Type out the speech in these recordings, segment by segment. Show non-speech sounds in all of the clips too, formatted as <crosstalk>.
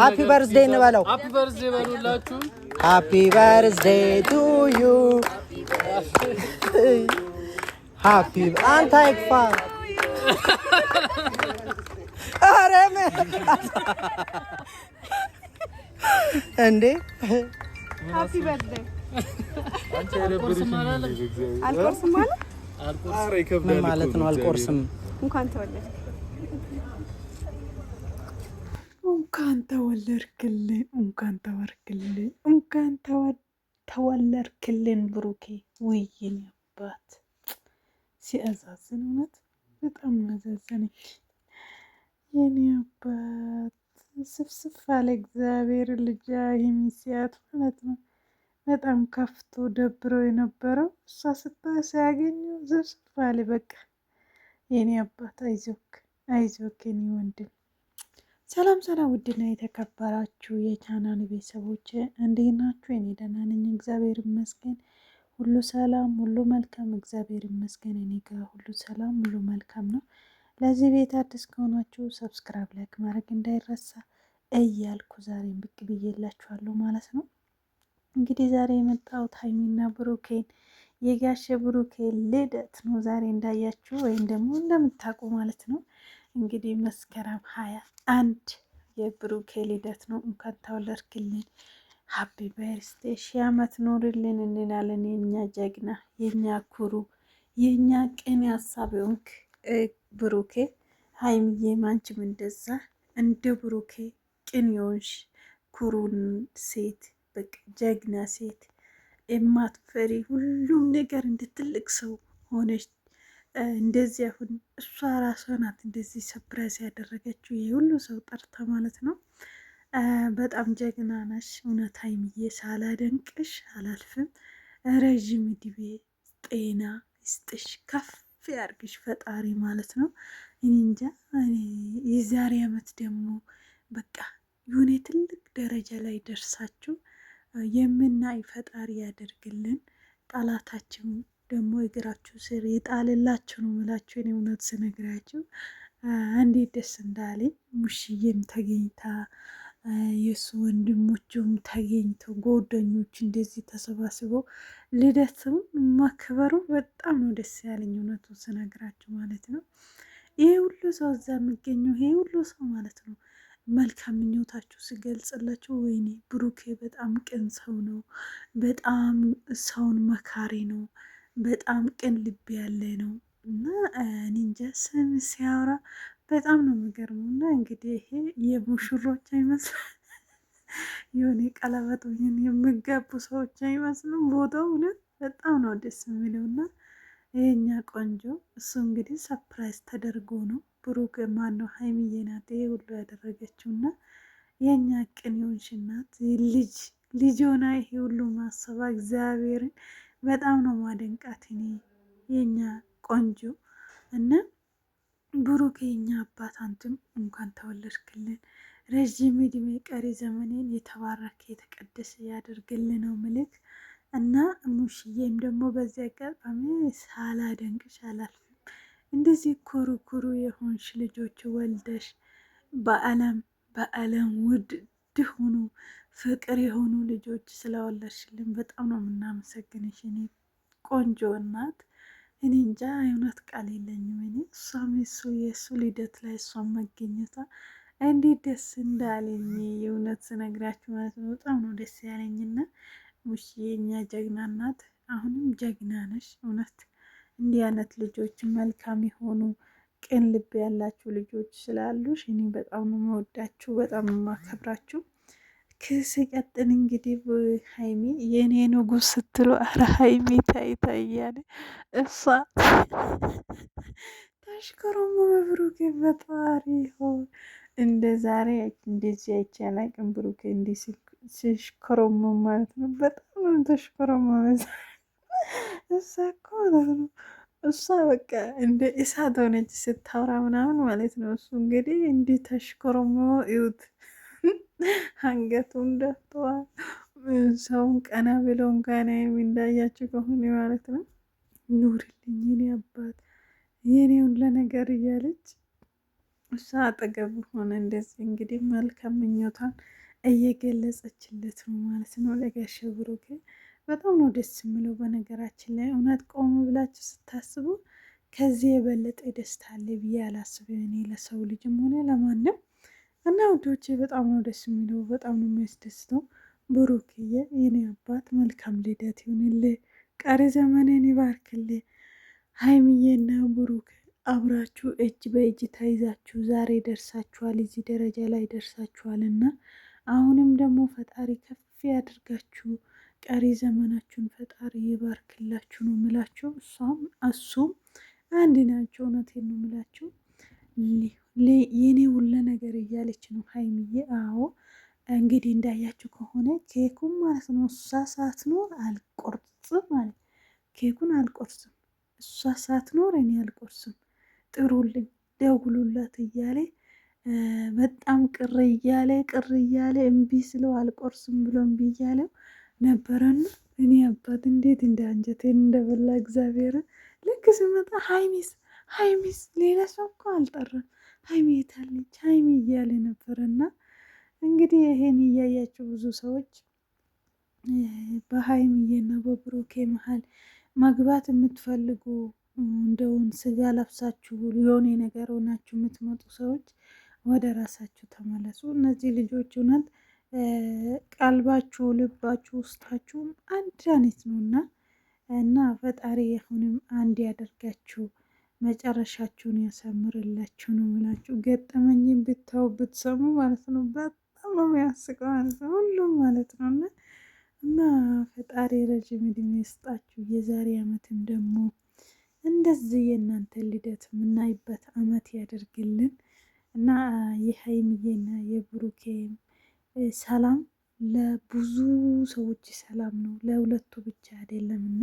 ሃፒ በርዝዴ እንበለው። ሃፒ በርዝዴ ቱ ዩ ሃፒ አንተ አይክፋ። እንዴ ሃፒ በርዝዴ አልቆርስም ማለት ነው። አልቆርስም እንኳን ተወለድክ እንኳን ተወለድክልን እንኳን ተወርክልን እንኳን ተወለድክልን ብሩኬ። ውይን አባት ሲያዛዝን እውነት በጣም ያዛዘነኝ የኔ አባት ስፍስፍ አለ። እግዚአብሔር ልጃ የሚስያት ማለት ነው። በጣም ከፍቶ ደብሮ የነበረው እሷ ስታ ሲያገኙ ስፍስፍ አለ። በቃ የኔ አባት አይዞክ አይዞክ የኔ ወንድም ሰላም ሰላም፣ ውድና የተከበራችሁ የቻናል ቤተሰቦች እንዴት ናችሁ? እኔ ደህና ነኝ፣ እግዚአብሔር ይመስገን። ሁሉ ሰላም፣ ሁሉ መልካም፣ እግዚአብሔር ይመስገን። እኔ ጋር ሁሉ ሰላም፣ ሁሉ መልካም ነው። ለዚህ ቤት አዲስ ከሆናችሁ ሰብስክራይብ፣ ላይክ ማድረግ እንዳይረሳ እያልኩ ዛሬን ብቅ ብዬላችኋለሁ ማለት ነው። እንግዲህ ዛሬ የመጣሁት ሀይሚና ብሩኬን የጋሼ ብሩኬን ልደት ነው ዛሬ እንዳያችሁ ወይም ደግሞ እንደምታውቁ ማለት ነው እንግዲህ መስከረም ሀያ አንድ የብሩኬ ልደት ነው። እንኳን ተወለድክልን፣ ሀፒ በርስቴ፣ ሺ አመት ኖርልን እንላለን። የኛ ጀግና፣ የኛ ኩሩ፣ የኛ ቅን ሀሳብ ሆንክ ብሩኬ። ሀይሚዬ ማንችም እንደዛ እንደ ብሩኬ ቅን የሆንሽ ኩሩን ሴት በቃ ጀግና ሴት የማትፈሪ ሁሉም ነገር እንደ ትልቅ ሰው ሆነች እንደዚህ አሁን እሷ ራሷ ናት እንደዚህ ሰፕራይዝ ያደረገችው የሁሉ ሰው ጠርታ ማለት ነው። በጣም ጀግና ነሽ እውነት ሀይሚዬ፣ ሳላደንቅሽ አላልፍም። ረዥም ዕድሜ ጤና ይስጥሽ፣ ከፍ ያርግሽ ፈጣሪ ማለት ነው። እኔ እንጃ የዛሬ ዓመት ደግሞ በቃ የሆነ ትልቅ ደረጃ ላይ ደርሳችሁ የምናይ ፈጣሪ ያደርግልን ጠላታችን ደግሞ እግራችሁ ስር የጣልላችሁ ነው ምላችሁ። እኔ እውነት ስነግራችሁ እንዴት ደስ እንዳለኝ ሙሽዬም ተገኝታ የእሱ ወንድሞቹም ተገኝተው ጓደኞች እንደዚህ ተሰባስበው ልደትም ማክበሩ በጣም ነው ደስ ያለኝ እውነቱ ስነግራችሁ ማለት ነው። ይሄ ሁሉ ሰው እዛ የሚገኘው ይሄ ሁሉ ሰው ማለት ነው መልካም ምኞታችሁ ስገልጽላችሁ፣ ወይኔ ብሩኬ በጣም ቅን ሰው ነው፣ በጣም ሰውን መካሪ ነው። በጣም ቅን ልብ ያለ ነው እና ኒንጃ ስም ሲያወራ በጣም ነው የሚገርመው። እና እንግዲህ ይሄ የሙሽሮች አይመስልም <laughs> የሆነ ቀለበት ወይም የሚጋቡ ሰዎች አይመስልም። ቦታው እውነት በጣም ነው ደስ የሚለው እና የእኛ ቆንጆ እሱ እንግዲህ ሰፕራይዝ ተደርጎ ነው ብሩክ ማነው ሀይሚዬ ናት ይሄ ሁሉ ያደረገችው እና የእኛ ቅን የሆንሽ እናት ልጅ ልጅ ሆና ይሄ ሁሉ ማሰባ እግዚአብሔርን በጣም ነው ማደንቃት እኔ የኛ ቆንጆ እና ብሩክ የኛ አባት አንትም እንኳን ተወለድክልን ረዥም እድሜ ቀሪ ዘመኔን የተባረከ የተቀደሰ ያደርግልን ነው ምልክ እና ሙሽዬም ደግሞ በዚህ አጋጣሚ ሳላደንቅሽ አላልፍም። እንደዚህ ኩሩ ኩሩ የሆንሽ ልጆች ወልደሽ በዓለም በዓለም ውድ ድሁኑ ፍቅር የሆኑ ልጆች ስለወለድሽልን በጣም ነው የምናመሰግንሽ። እኔ ቆንጆ እናት እኔ እንጃ የእውነት ቃል የለኝም። እኔ እሷም የሱ የእሱ ልደት ላይ እሷም መገኘቷ እንዴት ደስ እንዳለኝ የእውነት ስነግራችሁ ማለት ነው። በጣም ነው ደስ ያለኝና ሙሽዬ የኛ ጀግና እናት አሁንም ጀግና ነሽ። እውነት እንዲህ አይነት ልጆች መልካም የሆኑ ቅን ልብ ያላችሁ ልጆች ስላሉሽ እኔ በጣም ነው መወዳችሁ፣ በጣም ነው ማከብራችሁ። ሲቀጥል እንግዲህ ሀይሚ የኔ ንጉስ ስትሉ፣ አረ ሀይሚ ታይታ እያለ እሷ ታሽከሮሞ ብሩኬ በጣሪ ሆን እንደ ዛሬ እንደዚህ አይቼ አላቅም። ብሩኬ እንዲህ ሲሽከሮሞ ማለት ነው። በጣም ተሽከሮሞ መዛ እሷ እኮ ነው እሷ በቃ እንደ እሳት ሆነች ስታውራ ምናምን ማለት ነው። እሱ እንግዲህ እንዲህ ተሽከሮሞ ይዩት። አንገቱን ደፍተዋል። ሰውን ቀና ብለውን ጋና የሚንዳያቸው ከሆነ ማለት ነው። ኑርልኝ የኔ አባት የኔውን ለነገር እያለች እሷ አጠገብ ሆነ እንደዚህ እንግዲህ መልካም ምኞቷን እየገለጸችለት ነው ማለት ነው። ለጋሽ ብሩኬ በጣም ነው ደስ የሚለው። በነገራችን ላይ እውነት ቆም ብላችሁ ስታስቡ ከዚህ የበለጠ ደስታ አለ ብዬ አላስብም እኔ ለሰው ልጅም ሆነ ለማንም እና ውዶች በጣም ነው ደስ የሚለው፣ በጣም ነው የሚያስደስተው። ብሩክዬ የኔ አባት መልካም ልደት ይሁንልህ፣ ቀሪ ዘመንን ይባርክልህ። ሀይሚዬና ብሩክ አብራችሁ እጅ በእጅ ተይዛችሁ ዛሬ ደርሳችኋል፣ እዚህ ደረጃ ላይ ደርሳችኋል እና አሁንም ደግሞ ፈጣሪ ከፍ ያድርጋችሁ፣ ቀሪ ዘመናችሁን ፈጣሪ ይባርክላችሁ ነው ምላቸው። እሷም እሱም አንድ ናቸው። እውነቴን ነው ምላቸው የኔ እያለች ነው ሀይሚዬ። አዎ እንግዲህ እንዳያችሁ ከሆነ ኬኩን ማለት ነው እሷ ሳትኖር አልቆርስም ማለት ኬኩን አልቆርስም፣ እሷ ሳትኖር እኔ አልቆርስም፣ ጥሩልኝ፣ ደውሉላት እያለ በጣም ቅር እያለ ቅር እያለ እምቢ ስለው አልቆርስም ብሎ እምቢ እያለው ነበረን። እኔ አባት እንዴት እንደ አንጀቴን እንደበላ እግዚአብሔርን ልክ ስመጣ ሀይሚስ ሀይሚስ ሌላ ሰው እኮ አልጠራም ሀይሚ የታለች ሀይሚ እያለ ነበርና እንግዲህ ይሄን እያያችሁ ብዙ ሰዎች በሀይሚዬና በብሩኬ መሀል መግባት የምትፈልጉ እንደውን ስጋ ለብሳችሁ የሆነ ነገር ሆናችሁ የምትመጡ ሰዎች ወደ ራሳችሁ ተመለሱ። እነዚህ ልጆች እውነት ቀልባችሁ፣ ልባችሁ፣ ውስጣችሁም አንድ አይነት ነው እና እና ፈጣሪ አሁንም አንድ ያደርጋችሁ። መጨረሻችሁን ያሳምርላችሁ ነው የምላችሁ። ገጠመኝን ብታው ብትሰሙ ማለት ነው በጣም ነው የሚያስቀው ማለት ነው ሁሉም ማለት ነው እና እና ፈጣሪ ረጅም እድሜ ይስጣችሁ። የዛሬ አመትም ደግሞ እንደዚህ የእናንተ ልደት የምናይበት አመት ያደርግልን እና የሀይሚዬና የብሩኬን ሰላም ለብዙ ሰዎች ሰላም ነው፣ ለሁለቱ ብቻ አይደለም እና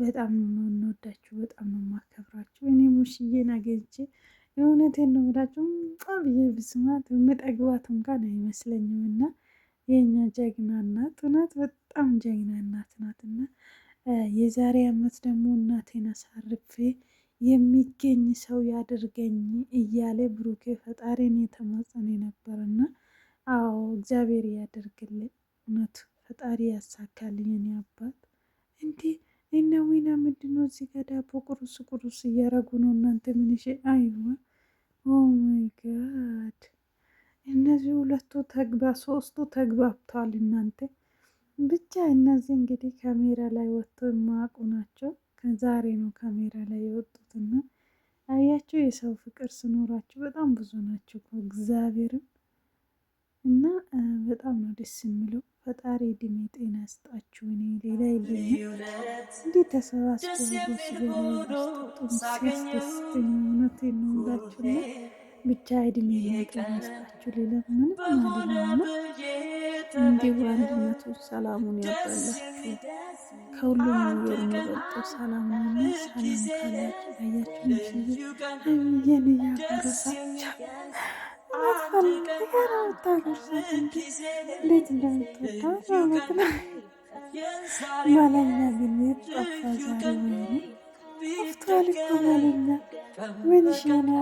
በጣም ነው የምንወዳችሁ፣ በጣም ነው የማከብራችሁ። እኔ ሙሽዬን አገኝቼ የእውነቴን ነው የምላችሁ ብዬ ብስማት የምጠግባት እንኳን አይመስለኝም። እና የእኛ ጀግና እናት እውነት በጣም ጀግና እናት ናት። እና የዛሬ አመት ደግሞ እናቴን አሳርፌ የሚገኝ ሰው ያድርገኝ እያለ ብሩኬ ፈጣሪን የተማጸነ ነበር እና አዎ እግዚአብሔር ያደርግልን እውነቱ ፈጣሪ ያሳካልኝ። እኔ አባት እንዴ እና ዊና ምንድነው እዚህ ጋ ዳቦ ቁርስ ቁርስ እያረጉ ነው እናንተ ምንሽ አይዋ ኦማይጋድ እነዚህ ሁለቱ ተግባ ሶስቱ ተግባብተዋል እናንተ ብቻ እነዚህ እንግዲህ ካሜራ ላይ ወጥቶ የማያውቁ ናቸው ከዛሬ ነው ካሜራ ላይ የወጡትና አያቸው የሰው ፍቅር ስኖራቸው በጣም ብዙ ናቸው እግዚአብሔርም እና በጣም ነው ደስ የሚለው ፈጣሪ እድሜ ጤና ስጣችሁ። እኔ ሌላ የለኝም። እንዴት ተሰባስበው ሲያስደስተኝ ብቻ እድሜ ጤና ስጣችሁ። ሌላ ምንም ማለት እንዲሁ አንድነቱ ሰላሙን ያባላችሁ። ከሁሉም ነገር የሚበልጠው ሰላሙን ሰላም ካላችሁ አያችሁ ምስል የኔ ያበረሳቸው እንዴት እንደምትወዳ ማለት ማለኛ ግን ጠፋ ዛሬ? ወይኔ ጠፍቷል